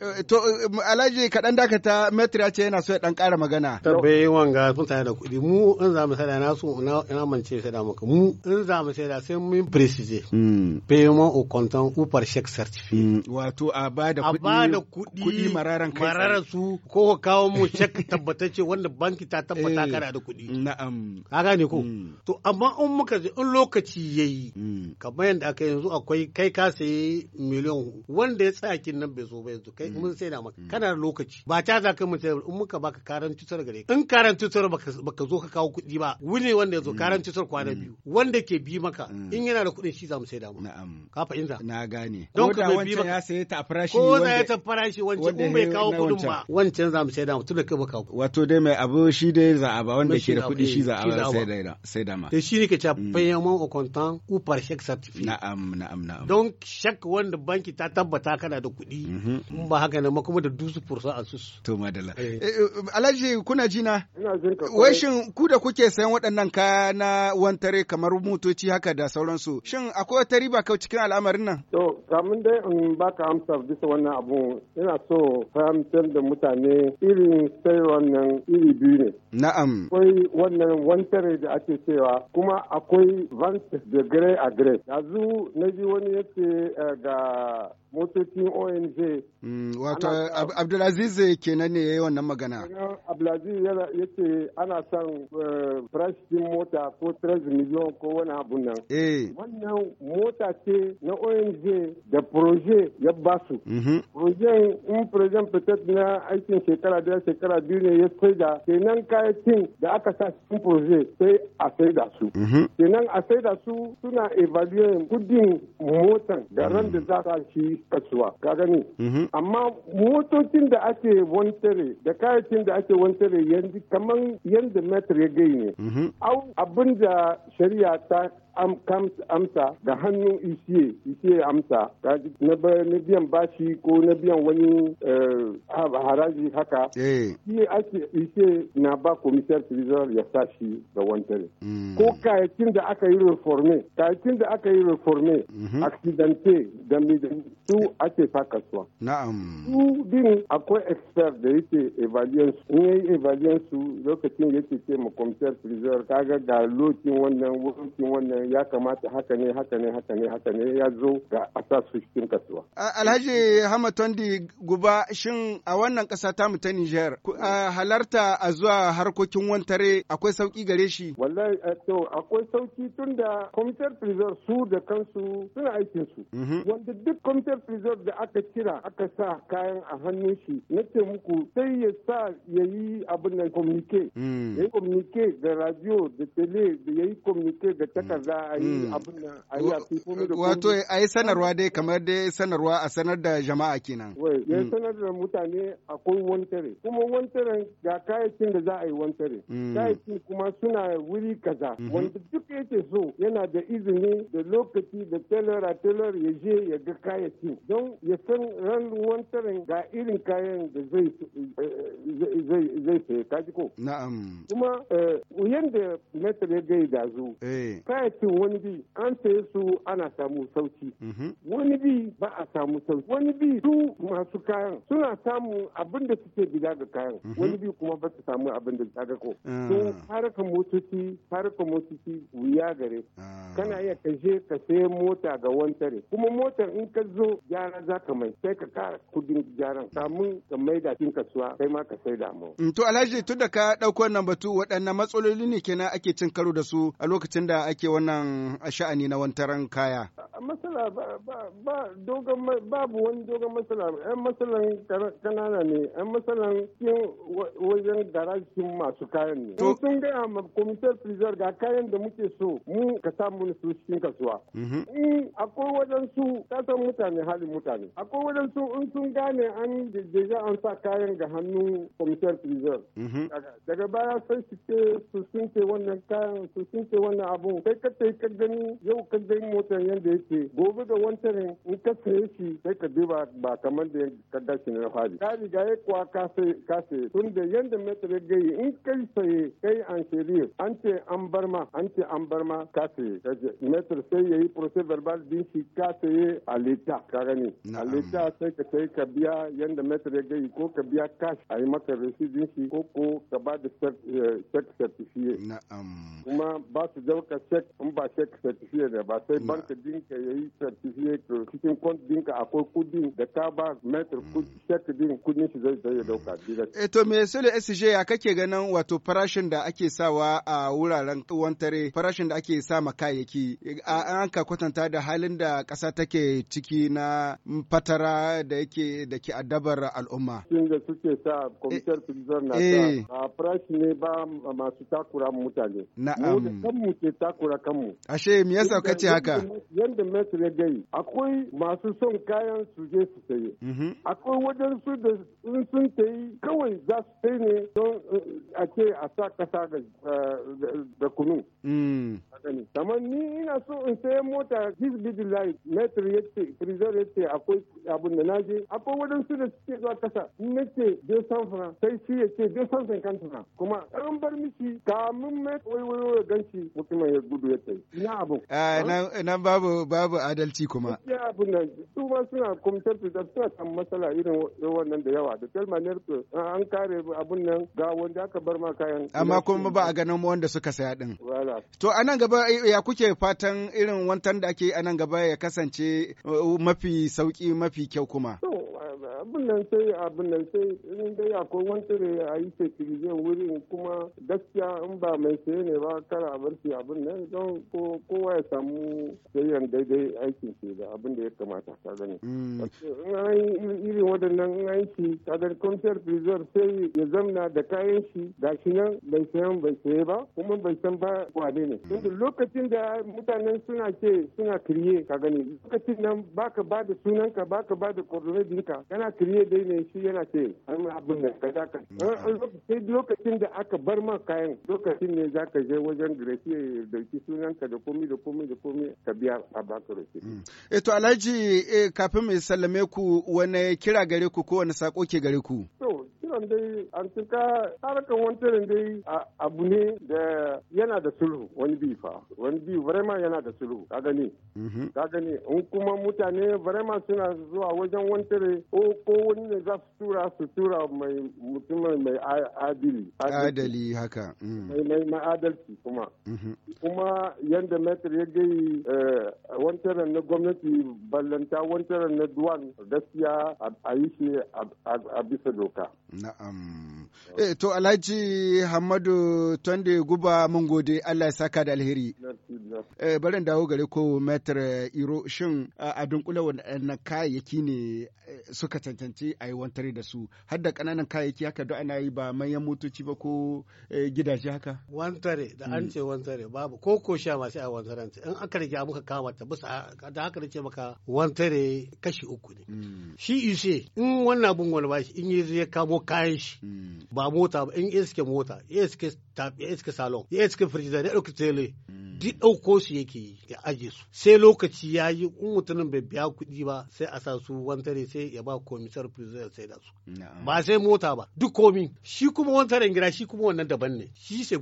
eh, to eh, alhaji kaɗan dakata ya ce yana so ya dan ƙara magana tabbai wanga sun tsaya da kuɗi mu in za mu sada na so ina mance da maka mu in za mu sada sai mun precise hmm. payment au comptant ou par chèque certifié hmm. wato a ba da kuɗi kuɗi mararan kai mararan su ko ka kawo mu cheque tabbatacce wanda banki ta tabbata kana da kuɗi na'am ka gane ko hmm. to amma in muka in lokaci yayi ka kamar yadda aka yanzu akwai kai ka sayi miliyan wanda ya tsaya kin nan bai zo ba yanzu kai mm. mun sai da maka mm. kana da lokaci ba ta za ka mun sai in muka baka karan tutar gare in karan tutar baka zo ka kawo kuɗi ba wuni wanda ya zo mm. karan tutar kwana biyu wanda ke bi maka in yana da kuɗin shi za mu sai da maka ka fa inda na gane don ka bi maka ya saye ta farashi ko da ya ta farashi wancan in bai kawo kuɗin ba wancan za mu sai da maka tunda kai baka kawo wato dai mai abu shi dai a ba wanda ke da kuɗi shi za'a eh, ba sai da sai da ma to eh, shi ne ka cewa payement au comptant ou par chèque certificate na'am na'am na'am don shak wanda banki ta tabbata kana da kuɗi mhm. in ba haka ne kuma da dusu fursa a sus to madalla eh. Eh, eh, alhaji kuna jina wai shin ku da kuke sayan waɗannan kaya na wantare kamar motoci haka da sauransu shin akwai wata riba kau cikin al'amarin nan to kamin dai in baka amsa bisa wannan abu ina so fahimtar da mutane irin sai wannan iri biyu ne na'am akwai wannan wantare da ake cewa kuma akwai vance da gray a gray yanzu na ji wani ya ce eh, ga motocin ong mm, wato abdulaziz kenan ne ya yi wannan magana abdulaziz ya ce ana son eh, price din mota ko 3 miliyon ko wani abu nan eh. wannan mota ce na ong da proje ya ba su mhm. proje in proje fitar na aikin shekara daya shekara biyu ne ya da kenan kayakin da aka sa cikin proje sai a da su mhm. kenan a da su suna evaluate biyan gudun motan da ran da za ka shi kasuwa ka gani mhm. amma motocin da ake wantare da kayakin da ake wantare yanzu kamar yadda metri ya gai ne mhm. au abin da shari'a ta amsa da hannun isiye isiye amsa na biyan bashi ko na biyan wani eh, haraji haka eh. shi ake isiye na ba komisar trizor ya sa shi da wantare mm. ko kayakin da aka yi reforme kayakin da aka yi reforme mm-hmm. accidente da su ake sa kasuwa. Na'am. Su din akwai expert da yake evaliyan su. In yayi evaliyan su lokacin yake ce ma computer freezer kaga ga lokin wannan wurin wannan ya kamata haka ne haka ne haka ne haka ne ya zo ga asa su cikin kasuwa. Alhaji Hamad Tondi Guba shin a wannan kasa ta mu ta Niger halarta a zuwa harkokin wantare akwai sauki gare shi. Wallahi eh, to akwai sauki tunda computer freezer su da kansu suna aikin su. Mhm. Wanda duk computer reserve reserve da aka kira aka sa kayan a hannun shi na ce muku sai ya sa ya yi abin nan communique hmm. ya yi communique da radio da tele da ya yi communique da takarda a yi hmm. abin nan a yi a da wato a yi sanarwa dai kamar dai sanarwa a sanar da jama'a kenan ya hmm. sanar da mutane akwai wantare kuma wantare ga kayayyakin da za a yi wantare kayayyakin kuma suna wuri kaza wanda duk yake so yana da izini da lokaci da tailor a tailor ya je ya ga kayayyakin shi don ya san ran ruwan tarin ga irin kayan da zai eh, zai saye kaji ko. Na'am. Kuma eh, da metal ya gai da zu. Eh. Kayakin wani bi an saye su ana samu sauki. Mhm. Wani bi ba a samu sauki. Wani bi su masu kayan suna samu abin da suke gida ga kayan. Mhm. Wani bi kuma ba su samu abin da ta ga ko. Ah. Sun harkar motoci harkar motoci wuya gare. Ah. Kana iya ka ka sayi mota ga wantare. Kuma motar in ka zo in gyara za ka mai sai ka kara kudin gyaran samun ka mai da cin kasuwa kai ma ka sai da mu. Mm, to alhaji tun da ka ɗauko wannan batu waɗannan matsaloli ne kenan ake cin karo da su a lokacin da ake wannan sha'ani na wantaran kaya. masala ba dogon babu wani dogon masala yan masalan kanana ne yan masalan cikin wajen garajin masu kayan ne. to sun gaya ma komitar frizar ga kayan da muke so mu ka samu su cikin kasuwa. Mhm. in akwai wajen su kasan mutane halin mutane akwai waɗansu in sun gane an deja an sa kayan ga hannun komisar preserve mhm. daga baya sai su ce su sunce wannan kayan su sunce wannan abu kai ka tai ka gani yau ka gani motar yadda yake gobe da wancan in ka saye shi sai ka duba ba kamar da ka dashi na fari ka riga ya kuwa ka saye tun da yadda metar ya gayi in kai saye kai an shirye an ce an bar ma an ce an bar ma ka saye metar sai ya yi procès verbal din shi ka saye a leta ka gani a lita sai ka sai ka biya yanda metar ya gai ko ka biya cash a yi maka residin shi ko ko ka ba da eh, check certificate kuma ba su jauka check in ba check certificate da ba sai banka dinka ya yi certificate cikin kont dinka akwai kudin da ka ba metar mm. check din kudin shi zai zai dauka mm. direct e to me sole SJ ya kake ganin wato farashin da ake sawa a wuraren wantare farashin da ake sa ma kayayyaki an ka kwatanta da halin da ƙasa take ciki na fatara da yake da ke addabar al'umma. Sun da suke sa kwamitar eh, prison na sa eh. a farashi ne ba masu takura mutane. Na'am. Mu da kanmu ke takura kanmu. Ashe me yasa ka ce haka? Yanda Metro ya gai akwai masu son kayan su je su saye. Mm-hmm. Akwai wajen su da sun sun tayi kawai za su sai ne don eh, a ce a sa kasa da kunu. Mm. Kamar ni ina so in sayan mota Hizbidillahi Metro ya ce Nijar ya ce akwai abin da naje akwai waɗansu da suke zuwa kasa na ce je san fran sai shi ya ce je san san kuma an bar miki kamun mai waiwai ya ganci mutumin ya gudu ya tafi ina abu. Ah, nan babu babu adalci kuma. Ya abin nan su ma suna kumtar da suna kan matsala irin wannan da yawa da telmaner an kare abin nan ga wanda aka bar ma kayan. Amma kuma ba a ganin wanda suka saya din. To anan gaba ya kuke fatan irin wantan da ake anan gaba ya kasance uh, mafi sauƙi, mafi kyau kuma. abin nan sai abin nan sai in dai akwai wani a yi sekirizin wurin kuma gaskiya in ba mai saye ne ba kara a bar shi abin nan don kowa ya samu sayan daidai aikin shi da abin da ya kamata ka gani. Mm. in an irin waɗannan in an shi kadar gani prison sai ya zamna da kayan shi ga shi nan bai sayan bai saye ba kuma bai san ba wane ne. Mm. tunda lokacin da mutanen suna ce suna kirye ka gani lokacin nan baka ba da sunanka baka ba da coordinate ɗinka kana ana kirye dai ne shi yana ce an abin da ka zaka mm. eh, eh, sai lokacin da aka bar ma kayan lokacin ne ka je wajen gresi ya dauki sunanka da komi da komi da komi ka biya a baka rufe. Mm. eto eh, to alhaji kafin mai sallame ku wani kira gare ku ko wani sako ke gare ku. kiran dai an cika harkan wantarin dai abu ne da yana da sulhu wani bi fa wani bi vraiment yana da sulhu ka gani mm-hmm. ka gani in kuma mutane vraiment suna zuwa wajen wantare ko ko wani ne za su tura su tura mai mutumin mai adili adali haka mm. mai adalci kuma mhm. kuma yadda metri ya gai eh, wancan na gwamnati ballanta wancan na duwan gaskiya a yi shi a bisa doka. Na'am. Eh, to Alhaji Hamadu Tunde Guba mun gode Allah ya saka da alheri. Eh, barin dawo gare ko Metre Iro shin a dunkule na kayayyaki ne eh, suka cancanci a yi wantare da su har da ƙananan kayayyaki haka duk ana yi ba manyan motoci ba ko eh, gidaje haka. Wantare da an ce wantare babu ko ko sha masu a wantare in aka rike muka kama ta sa da haka nace maka wantare kashi uku ne mm. shi ise in wannan abun wani bashi in yi zai kamo kayan shi mm. ba mota ba in iske mota iske ta ya iska salon ya iska firjida ya ɗauki tele hmm. duk ɗauko shi yake yi ya aje su sai lokaci ya yi in mutumin bai biya kuɗi ba sai a sa su wantare sai ya ba komisar firjida sai da su ba sai mota ba duk komi shi kuma wantaren gida shi kuma wannan daban ne shi sai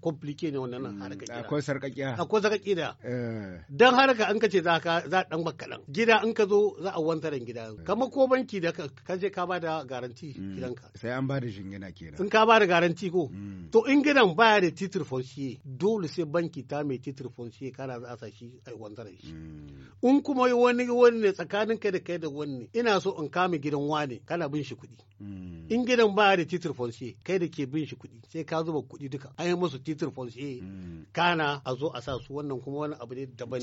komplike ne wannan hmm, harkar gida akwai sarƙaƙiya akwai da eh. dan haraka an kace za ka za dan bakalan gida in ka zo za a wantaren gida eh. kamar ko banki da ka je ka ba da garanti hmm. gidanka sai an ba da shingina kenan in ka ba da garanti ko to in gidan baya da titir fonsiye dole sai banki ta mai titir fonsiye kana za a sa shi a wanzaran shi hmm. in kuma wani wani ne tsakanin kai da kai da wani ina so in kame gidan wane kana bin shi kuɗi hmm. in gidan baya da titir fonsiye kai da ke bin shi kuɗi sai ka zuba kuɗi duka an yi musu titir fonsiye hmm. kana a zo a sa su wannan kuma wani abu ne daban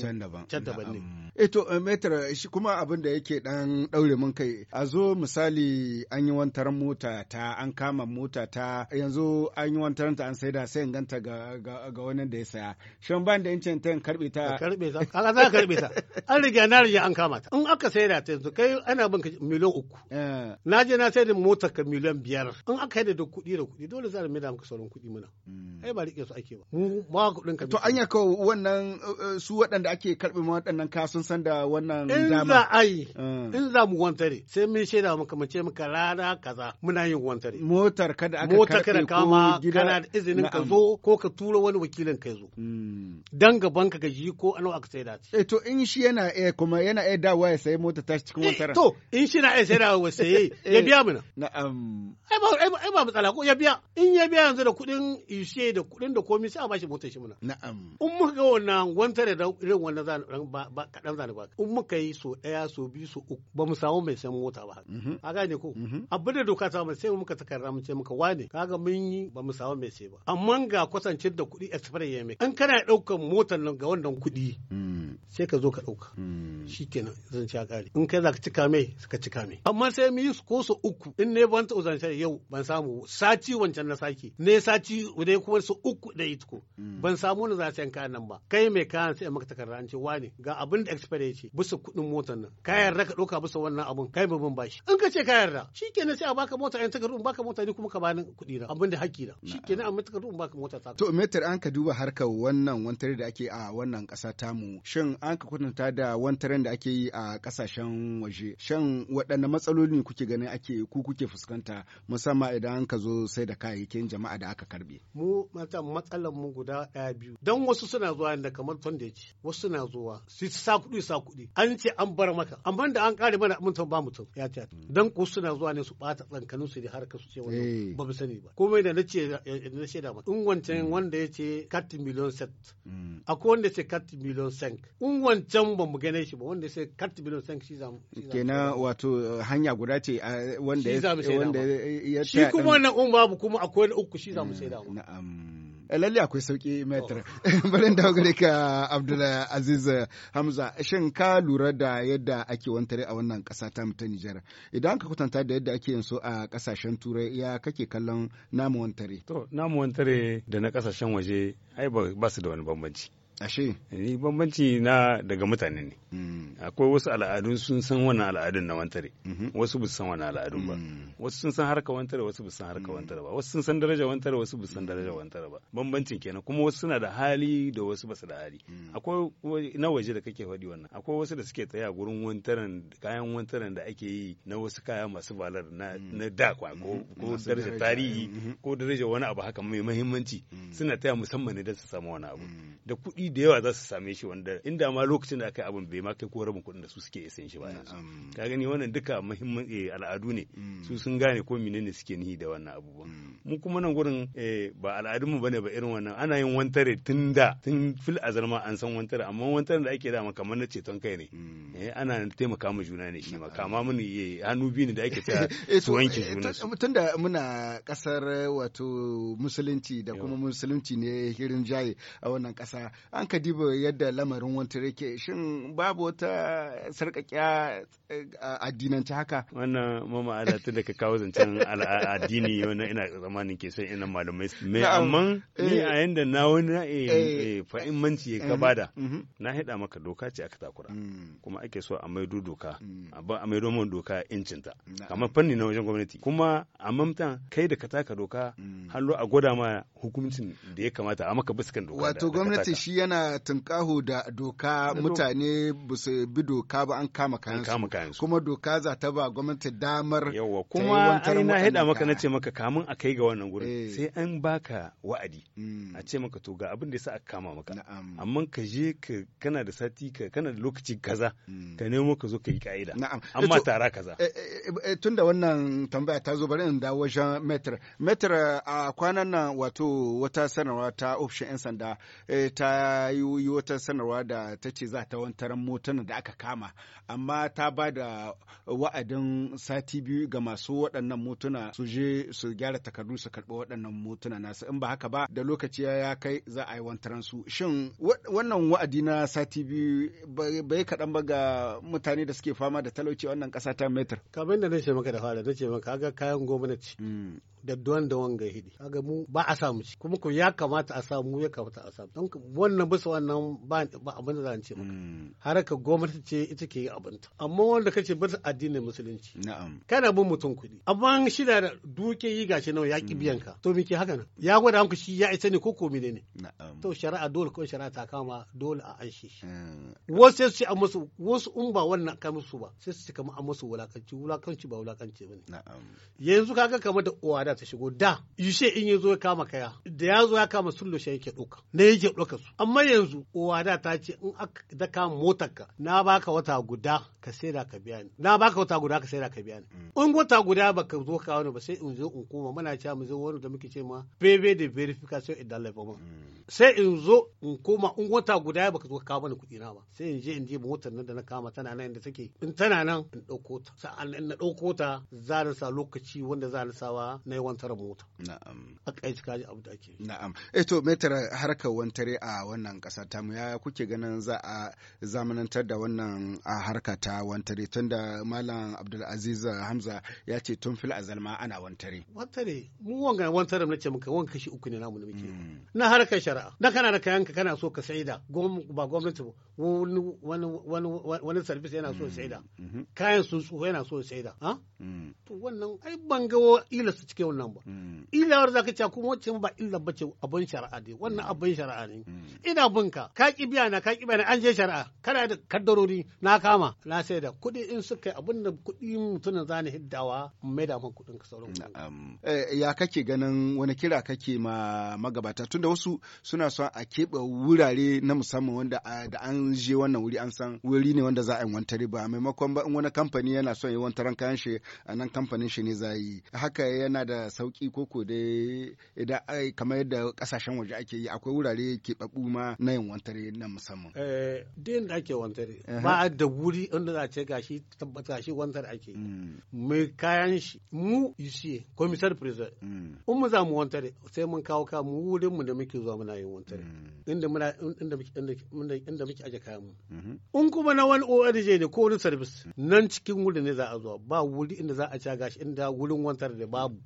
can daban ne eto eh eh, metar shi kuma abin da yake dan daure mun kai a zo misali an yi wantar mota ta an kama mota ta yanzu an yi wantar ta an da sai in ganta ga wani da ya saya shan ban da incin ta karbe ta karbe ta ala za karbe ta an riga na riga an kama ta in aka da ta yanzu kai ana bin ka miliyan uku eh. na je na da motar ka miliyan biyar in aka yi da kuɗi da kuɗi dole za a mai da muka sauran kuɗi muna hmm. ai ba rike su ake ba mu ma kuɗin ka to anya ka wannan eh, su waɗanda ake karbe ma waɗannan ka sun san da wannan dama in za a yi eh. in za mu wantare sai mun shaida maka mu ce maka rana kaza muna yin wantare motar kada aka karbe ko kada izinin ka zo ko ka tura wani wakilin ka zo hmm. dan gaban ka gaji ko ano aka sai da eh to in shi yana eh kuma yana eh dawa ya sayi mota ta cikin wata eh, to in shi na eh sai da wa saye ya biya mana na'am ai ba ai ba matsala ko ya biya in ya biya yanzu da kudin ishe da kudin da komai sai a bashi motar shi mana na'am in muka ga wannan wanta da irin wannan zan ba kadan zan ba in muka yi so daya so biyu so uku ba mu samu mai san mota ba mhm. a gane ko mhm. abin da doka ta mu sai muka takarda mu ce muka wane kaga mun yi ba mu samu mai ba amma ga kwatancin da kuɗi express ya mai an kana ɗaukan motar nan ga wannan kuɗi hmm. sai ka zo ka ɗauka hmm. shikenan zan ci ƙari in kai za ka cika mai ka cika mai amma sai mu yi ko su uku in ne ban ta'u zance yau ban samu sati wancan na sake ne sati dai kuma su uku da itko hmm. ban samu na zacen kayan nan ba kai mai kayan sai maka takarda an ce wane ga abin da expire ya ce bisa kuɗin motar nan ka yarda ka ɗauka bisa wannan abin kai ba ban bashi in ka ce ka yarda shikenan sai a baka mota yan takardu in baka mota ni kuma ka bani kuɗi na abin da haƙƙi na shikenan kilomita ka ka mota ta to metar an ka duba harkar wannan wantare da ake a wannan ƙasa tamu shin an ka kwatanta da wantaren da ake yi a ƙasashen waje shin waɗanne matsaloli kuke ganin ake ku kuke fuskanta musamman idan an ka zo sai da kayayyakin jama'a da aka karbe mu mata matsalar mu guda ɗaya biyu dan wasu suna zuwa da kamar tondage wasu suna zuwa su sa kuɗi sa kuɗi an ce an bar maka amma da an kare mana mun ba mutum ya ce dan ko suna zuwa ne su ɓata tsankanin su da harkar su ce wannan eh. ba mu sani ba komai da nace na eh, shaida ba in wancan mm. wanda ya ce 4 miliyan set mm. akwai wanda ya ce 4 miliyan senk. in wancan ba mu gane shi ba wanda ya ce 4 miliyan senk shi zamu kenan wato eh, hanya guda ce wanda ya shi kuma wannan un babu kuma akwai na uku shi zamu mm, shaida ba na'am Eh, lalle akwai sauki metr bari dawo gare ka abdullah aziz hamza shin ka lura da yadda ake wantare a wannan kasa ta ta nijar idan ka kwatanta da yadda ake yin a kasashen turai ya kake kallon namu wantare to namu wantare da na kasashen waje ai ba su da wani bambanci ashe ni eh, bambanci na daga mutane ne mm. akwai wasu al'adun sun san wannan al'adun na wantare mm-hmm. wasu bisu san wannan al'adun ba mm. wasu sun san harka wantare wasu bisu san harka mm. wantare ba wasu sun san daraja wantare wasu bisu san daraja wantare ba bambancin kenan kuma wasu suna da hali da wasu basu da hali akwai na waje da kake faɗi wannan akwai wasu da suke tsaya gurin wantaren kayan wantaren da ake yi na wasu kaya masu balar na da ko mm-hmm. daraja tarihi mm-hmm. ko daraja wani abu haka mai muhimmanci suna taya musamman ne su samu wani abu da kuɗi da yawa za su same shi wanda inda ma lokacin da aka yi abin bai ma kai ko rabin kuɗin da su suke isa shi ba yanzu um, ka gani wannan duka muhimman eh, al'adu ne mm. su sun gane ko menene suke nihi da wannan abubuwa mm. mu kuma nan gurin eh, ba mu bane ba irin wannan ana yin wantare tun da tun fil azal ma an san wantare amma wantare da ake dama kamar na ceton kai ne mm. eh, ana taimaka ma juna ne shi ma ah. kama mini hannu biyu ne da ake ta su wanke juna tunda muna kasar wato musulunci da kuma musulunci ne hirin jaye a wannan kasa an ka diba yadda lamarin wantar rike shin babu wata eh, a addinanci haka wannan mama ala tun da ka kawo zancen addini yau ina zamanin ke sai ina malamai mai amma ni eh. a yanda na wani eh, fa'immanci ka mm-hmm. bada mm-hmm. na haɗa maka doka ce aka takura mm. kuma ake so a maido doka mm. a maido man doka incinta kamar fanni na wajen gwamnati kuma a mamta kai da ka taka doka mm. hallo a gwada ma hukuncin da ya kamata a maka biskan doka wato gwamnati shi kana tunkahu da doka mutane ba su bi doka ba an kama kayansu kuma doka za ta ba gwamnati damar yawa kuma ai na hada maka na ce maka kamun a kai ga wannan gurin eh. sai an baka wa'adi mm. a ce maka to ga abin da sa aka kama maka amma ka je ka kana da sati ka kana da lokaci kaza mm. ka nemo ka zo ka yi ka'ida eh, amma tara kaza eh, tunda wannan tambaya ta zo bari in dawo wajen metr metr a kwanan nan wato wata sanarwa ta ofishin 'yan sanda ta yi wata sanarwa da ta ce za ta wantar motunan da aka kama amma ta ba da wa'adin sati biyu ga masu waɗannan motuna su je su gyara takardu su karɓi waɗannan motuna nasu in ba haka ba da lokaci ya kai za a yi wantaran su shin wannan wa'adi na sati biyu bai kaɗan ba ga mutane da suke fama da talauci wannan ƙasa ta metar. kamar da na ce maka da fara na ce maka ga kayan gwamnati mm. da duwan da wanga hidi kaga mu ba a samu shi kuma ko ya kamata a samu ya kamata a samu don wannan bisa wannan ba abin da zan ce maka hmm. haraka gwamnati ce ita ke yi ta amma wanda kace bar addinin musulunci na'am kana bin mutum kudi amma shi da duke yi gashi nawa ya ki hmm. biyan ka to miki haka nan ya gwada muku shi ya ita ne ko ko mene ne na'am to shari'a dole ko shari'a ta kama dole a an shi hmm. wasu sai a musu wasu in ba wannan ka musu ba sai su kamar a musu wulakanci wulakanci ba wulakanci bane na'am yanzu kaga kamar da uwa al'ada ta shigo da yushe in ya zo ya kama kaya da ya zo ya kama sullo shi yake ɗauka ne yake ɗauka su amma yanzu uwa da ta ce in aka da kama motarka na baka wata guda ka saida ka biya ni na baka wata guda ka saida ka biya ni mm. in wata guda baka zo ka wani ba sai in zo in koma muna cewa mu zo wani da muke ce ma bebe da verification in laifa ma sai in zo in koma in wata guda baka zo ka kawo mana kuɗi na ba sai in je in je motar nan da na kama tana nan inda take in tana nan in ɗauko ta sa'an in na ɗauko ta za na sa lokaci wanda za na sawa na yawantar mota na'am haka yace kaji abu da ake na'am eh to tara harkar wantare a wannan kasa ta mu ya kuke ganin za a zamanantar da wannan a harka ta wantare tunda malam Abdulaziz Hamza ya ce tun fil azalma ana wantare wantare mu wanga wantare mu nace muka wanka shi uku ne namu ne muke hmm. na harkar shari'a Na kana da kayanka kana so ka saida ba gwamnati ba wani wani wani service yana so saida hmm. Hmm. kayan sun tsufa yana so saida ha ah? to wannan ai bangawo ila su cikin wannan ba mm. illawar zaka ce kuma wacce ba illa bace abin shari'a ne wannan mm. abin shari'a ne mm. ina bin ka ka ki biya na ka ki biya na an je shari'a kana da kaddarori na kama na sai da kuɗi in suka kai abin da kuɗi mutumin zani hiddawa mai da man kuɗin ka sauran eh, ya kake ganin wani kira kake ma magabata tunda wasu suna son a keɓe wurare na musamman wanda da an je wannan wuri an san wuri ne wanda za a yi wanta ba maimakon ba in wani kamfani yana son yi wantaran kayan shi a nan kamfanin shi ne za yi haka yana da sauki koko dai idan kamar yadda kasashen waje ake yi akwai wurare babu ma na yin wantare na musamman. Eh, Din da ake wantare ba da wuri inda za a ce gashi tabbata shi wantare ake yi. Mm. Mai kayan shi mu yushe komisar prison mm. in mu za mu wantare sai mun kawo ka mu wurin mu da muke zuwa muna yin wantare mm. inda muna inda muke inda muke aje kayan mu. Mm-hmm. In kuma na wani ORG ne ko wani service nan cikin wurin ne za a zuwa ba wuri inda za a ce gashi inda wurin wantar da babu.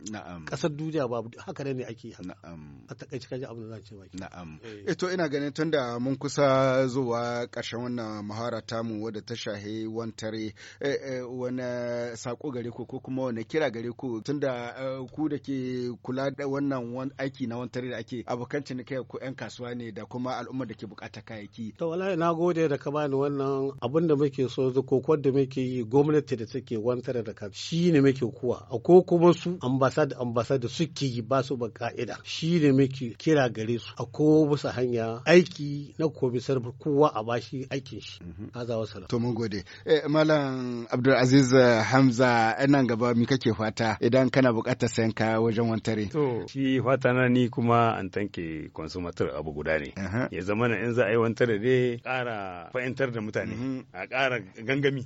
kasar duniya ba haka ne ake haka a takaice kaji abin da za ce baki na'am eh. Eh to ina ganin tunda mun kusa zuwa ƙarshen wannan muhara tamu wadda ta shahe wantare eh, wani sako gare ku ko kuma wani kira gare ku tunda ku da ke kula da wannan aiki na wantare da ake abokan cinikai ku 'yan kasuwa ne da kuma al'ummar da ke bukata kayayyaki to wallahi na gode da ka bani wannan abin da muke so kokon da muke yi gwamnati da take wantare da ka shine muke kuwa A ko kuma su ambasada da ambasada suke yi ba su ba ka'ida shi ne muke kira gare su a ko bisa hanya aiki na komisar kowa a bashi aikin shi haza mhm. wa to mun gode eh, malam abdulaziz eh, hamza eh, nan gaba mi kake fata idan kana bukatar sayan kaya wajen wantare to shi fata na ni kuma an tanke consumer abu guda ne ya zama na in za a yi wantare dai kara fahimtar da mutane mhm. a kara gangami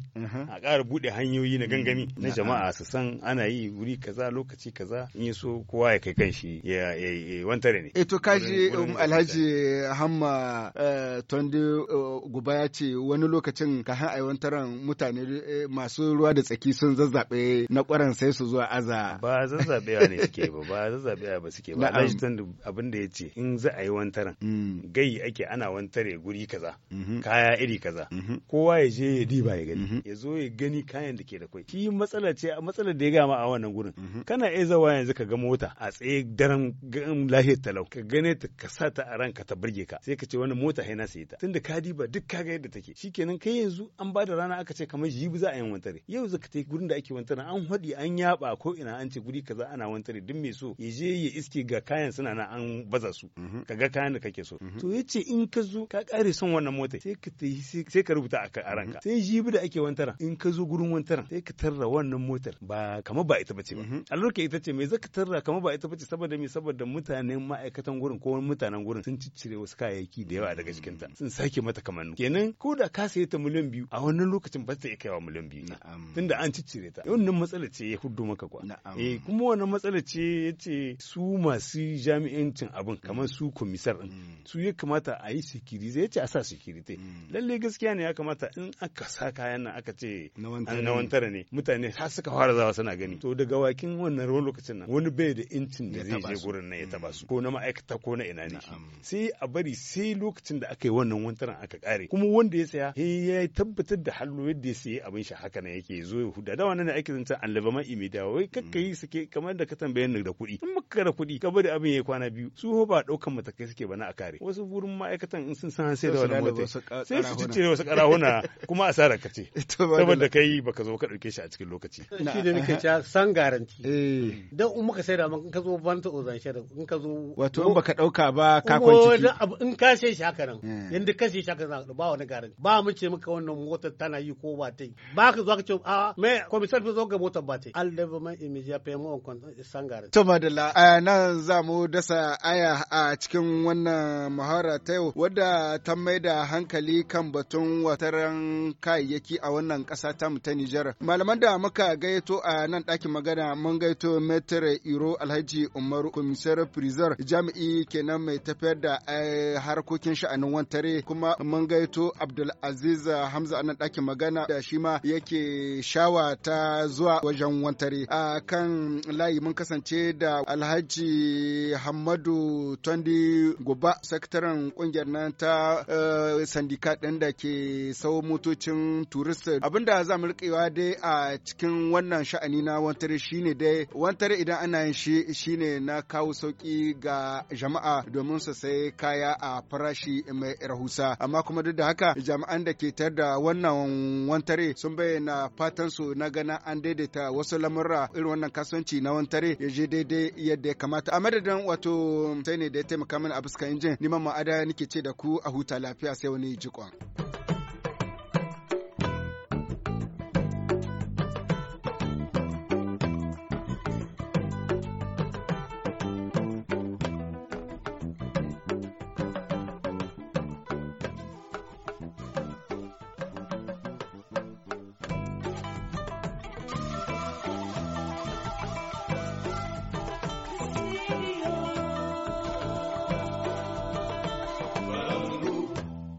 a kara bude hanyoyi na gangami mm. na jama'a su san ana yi wuri kaza lokaci kaza kaza in so kowa ya kai kanshi ya wantare ne. Eto eh, kaji um, Alhaji Hamma eh, Tondi eh, Guba ya ce wani lokacin ka kafin aiwantaran mutane masu ruwa da tsaki sun zazzabe na kwaran sai su zuwa aza. Ba zazzabewa ne suke ba ba zazzabewa ba suke ba. Alhaji Tondi abin da ya ce in za a yi wantaran mm. gai ake ana wantare guri kaza mm-hmm. kaya iri kaza mm-hmm. kowa ya je ya diba ya gani mm-hmm. ya zo ya gani kayan da ke da kwai. Shi matsala ce matsalar da ya gama a wannan gurin kana iya kowa yanzu ka ga mota a tsaye daren lahiyar talau ka gane ta ka sa ta a ranka ta burge ka sai ka ce wani mota haina sai ta tunda ka diba duk ka ga yadda take shikenan kai yanzu an ba da rana aka ce kamar jibi za a yi wantare yau zaka tai gurin da ake wantare an hadi an yaba ko ina an ce guri kaza ana wantare duk mai so ya je ya iske ga kayan suna na an baza su mhm. ka ga kayan da kake so mhm. to yace in ka zo ka kare son wannan mota sai ka ta sai ka rubuta a ranka mhm. sai jibi da ake wantara in ka zo gurin wantara sai ka tarra wannan motar ba kamar ba ita ce ba a ita ce me zaka tarra kamar ba ita bace saboda me saboda mutanen ma'aikatan gurin ko mutanen gurin sun ciccire wasu kayayyaki da yawa daga cikin ta sun sake mata kamar kenan ko da ka saye ta miliyan biyu a wannan lokacin ba ta kaiwa miliyan biyu tunda an ciccire ta wannan matsala ce ya huddo maka kwa eh kuma wannan matsala ce yace su masu jami'ancin abin kamar su komisar din mm. su ya kamata a yi sikirize yace a sa sikirite mm. lalle gaskiya ne ya kamata in aka sa kayan nan aka ce na wantara ne mutane har suka fara zawa suna gani to daga wakin wannan rolo lokacin nan wani bai da incin da zai je gurin na ya taba su mm. ko na ma'aikata ko na ina ne sai a bari sai lokacin da aka yi wannan wantaran aka kare kuma wanda ya saya ya tabbatar da hallo yadda ya saye abin shi haka na yake zo ya huda da wannan ake ta. an laba ma imida wai kakka yi mm. suke kamar da ka tambaye da kuɗi in maka da kuɗi ka bari abin ya kwana biyu su ba ɗaukan matakai suke bana a kare wasu gurin ma'aikatan in sun san sai da wani mota sai su wasu karahuna kuma asarar ka ce saboda kai baka zo ka ɗauke shi a cikin lokaci shi da nake cewa san garanti eh. dan in muka saida maka in ka zo ban ta ozan shi in ka zo wato in baka dauka ba ka kwanci ciki in ka sai shi haka nan eh. yanda ka sai shi haka ba wani garin ba mu ce maka wannan motar tana yi ko ba ta yi ba ka zo ka ce a me komisar fi zo ga motar ba ta yi al development immediate payment on eh, san garin to madalla nan za mu dasa aya a cikin wannan muhawara ta yau wadda ta mai da hankali kan batun wataran kayayyaki a wannan kasa ta mu ta Nijar malaman da muka gaito a nan ɗakin magana mun gaito mai sanatar iro alhaji umaru komisar prizar jami'i kenan mai tafiyar da eh, harkokin sha'anin wantare kuma mun gaito abdulaziz hamza anan ɗakin magana da shi ma yake shawa ta zuwa wajen wantare a kan layi mun kasance da alhaji hamadu tondi guba sakataren kungiyar nan ta eh, sandika ɗin da ke sau motocin turist abinda za mu riƙewa dai a cikin wannan sha'ani na wantare shine dai wantare dare idan ana yin shi shine na kawo sauki ga jama'a domin su sai kaya a farashi mai rahusa amma kuma duk da haka jami'an da ke tar da wannan wantare sun bayyana fatan su na gana an daidaita wasu lamurra irin wannan kasuwanci na wantare ya je daidai yadda ya kamata a madadin wato sai ne da ya taimaka mana a fuskar injin ni ma ma'ada nake ce da ku a huta lafiya sai wani jikon.